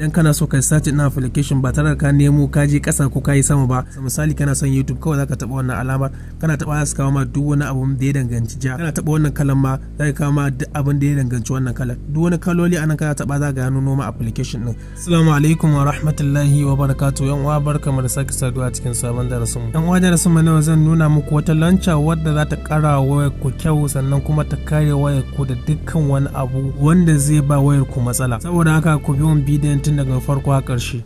idan kana so kai sace na application ba tare da ka nemo ka je kasa ko ka sama ba misali kana son YouTube kawai zaka taba wannan alamar kana taba za kawo ma duk wani abun da ya danganci ja kana taba wannan kalan ma za ka kawo ma duk abun da ya danganci wannan kalan duk wani kaloli anan kana taba za ka gano noma application din assalamu alaikum wa rahmatullahi wa barakatuh yan uwa barkamu da sake saduwa cikin sabon darasin mu yan uwa darasin mu nawa zan nuna muku wata lanca wadda za ta kara wayar ku kyau sannan kuma ta kare wayar ku da dukkan wani abu wanda zai ba wayar ku matsala saboda haka ku bi bidiyon tun daga farko a ƙarshe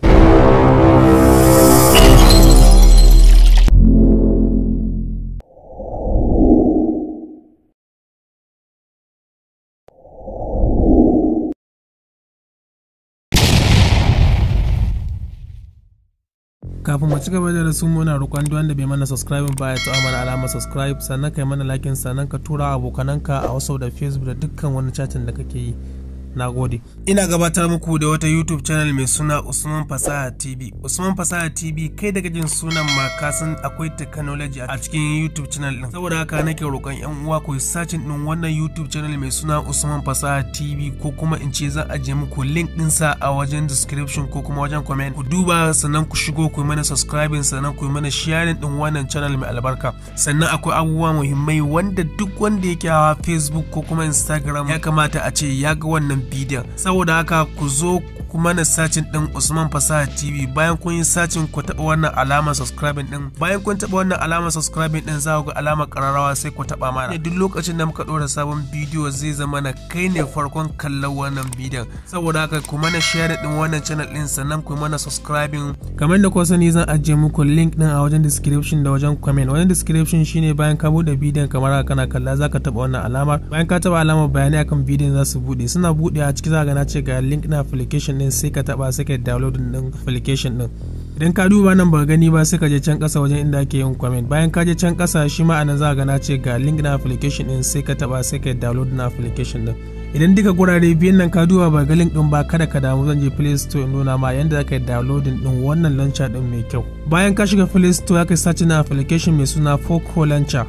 kafin mu ci gaba da rasu muna roƙon duk wanda bai mana subscribe ba ya taɓa mana alamar subscribe sannan kai mana lakin sannan ka tura abokananka a wasu da facebook da dukkan wani chatin da kake yi na gode ina gabatar muku da wata youtube channel mai suna usman fasaha tv usman fasaha tv kai daga jin sunan maka akwai technology a cikin youtube channel din saboda haka nake roƙon yan uwa ku sacin din wannan youtube channel mai suna usman fasaha tv ko kuma in ce zan ajiye muku link din sa a wajen description ko kuma wajen comment ku duba sannan ku shigo ku yi mana subscribing sannan ku yi mana sharing din wannan channel mai albarka sannan akwai abubuwa muhimmai wanda duk wanda yake hawa facebook ko kuma instagram ya kamata a ce ya ga wannan bidiyon saboda haka ku zo kuma na sacin din Usman Fasaha TV bayan kun yi sacin ku taɓa wannan alama subscribing din bayan kun taɓa wannan alama subscribing din za ku ga alamar ƙararrawa sai ku taɓa mana duk lokacin da muka ɗora sabon bidiyo zai zama na kai ne farkon kallon wannan bidiyon saboda haka ku mana share din wannan channel din sannan ku mana subscribing kamar da ku sani zan ajiye muku link din a wajen description da wajen comment wajen description shine bayan ka bude bidiyon kamar haka kana kalla za ka taɓa wannan alamar bayan ka taɓa alamar bayanai akan bidiyon za su bude suna bude a ciki za ka gana ce ga link na application din sai ka taba sai ka download din application din idan ka duba nan ba gani ba sai ka je can kasa wajen inda ake yin comment bayan ka je can kasa shi ma anan za ka gana ce ga link na application din sai ka taba sai ka download application din idan duka gurare biyan nan ka duba ba ga link din ba kada ka damu zan je play store in nuna ma yanda zaka downloading din wannan launcher din mai kyau bayan ka shiga play store ka search na application mai suna Foco launcher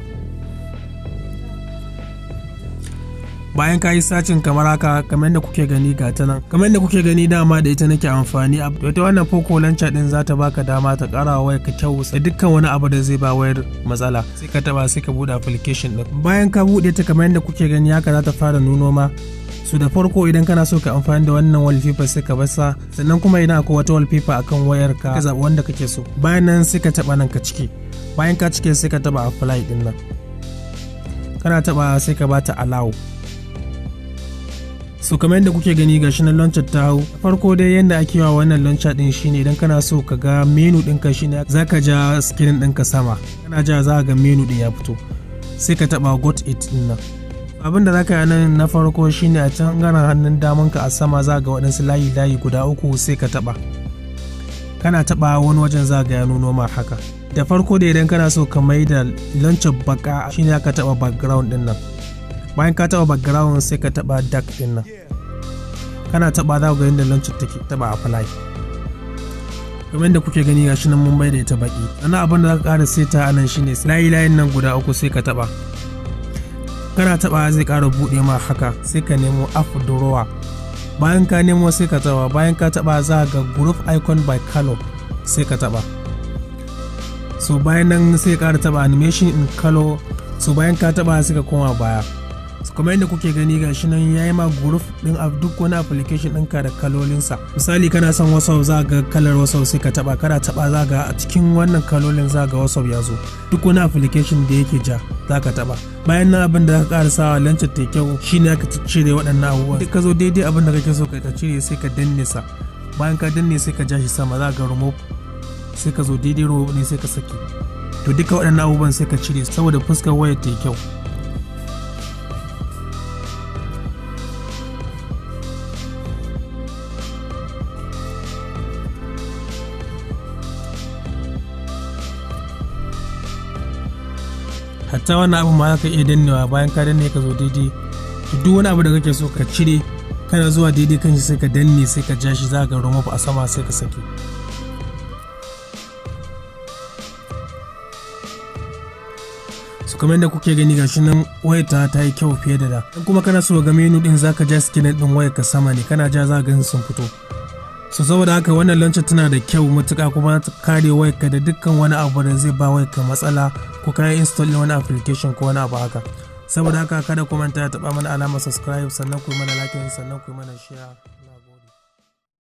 bayan ka yi sacin kamar haka kamar yadda kuke gani ga ta nan kamar yadda kuke gani dama da ita nake amfani a ita wannan poco launcher din za ta baka dama ta kara wayar ka kyau da dukkan wani abu da zai ba wayar matsala sai ka taba sai ka bude application din bayan ka bude ta kamar yadda kuke gani haka za ta fara nuno ma su da farko idan kana so ka amfani da wannan wallpaper sai ka basa sannan kuma idan akwai wata wallpaper akan wayar ka ka zaɓi wanda kake so bayan nan sai ka taba nan ka ciki bayan ka cike sai ka taba apply din nan kana taba sai ka bata allow so kamar yadda kuke gani ga shinan launcher ta hau farko dai yadda ake wa wannan launcher din shine idan kana so ka ga menu ɗinka shine zaka ja screen ɗinka sama kana ja za ga menu din ya fito sai ka taba got it din nan abin da zaka yi nan na farko shine a can gana hannun daman ka a sama za ga waɗansu layi layi guda uku sai ka taba kana taba wani wajen za ga ya nuno haka da farko da idan kana so ka mai da launcher baka shine aka taba background din nan bayan ka taba background sai ka taba dark din nan kana taba za ga yadda launcher take taba apply kamar da kuke gani gashi nan mun bayyana da ita baki ana abin da za ka ƙara seta a nan shine layi layin nan guda uku sai ka taba kana taba zai kara buɗe ma haka sai ka nemo app drawer bayan ka nemo sai ka taba bayan ka taba za ga group icon by color sai ka taba so bayan nan sai ka kara taba animation in color so bayan ka taba sai ka koma baya kamar yadda kuke gani ga shi nan yi ma group din a duk wani application ɗinka da kalolinsa misali kana son whatsapp za ga kalar whatsapp sai ka taba kana taba za ga a cikin wannan kalolin za ga whatsapp ya zo duk wani application da yake ja za ka taba bayan nan abin da ka ƙara sawa lancar ta kyau ne ka cire waɗannan abubuwan ka zo daidai abin da kake so ka cire sai ka danne sa bayan ka danne sai ka ja shi sama za ga remove sai ka zo daidai remove ne sai ka saki to duka waɗannan abubuwan sai ka cire saboda fuskar wayar ta kyau hatta wani abu ma za ka iya dannewa bayan ka danne ka zo daidai duk wani abu da kake so ka cire kana zuwa daidai kan shi sai ka danne sai ka ja shi za ka roma a sama sai ka sake su kamar da kuke gani gashi nan wayar ta ta yi kyau fiye da da kuma kana so ga menu din zaka ja skin din waya ka sama ne kana ja za ka sun fito so saboda haka wannan lancin tana da kyau matuka kuma ta kare wayarka da dukkan wani abu da zai ba wayarka matsala ko kayan install wani application ko wani abu haka saboda haka kada ku manta ta taba mana alamar subscribe sannan ku mana like sannan ku mana share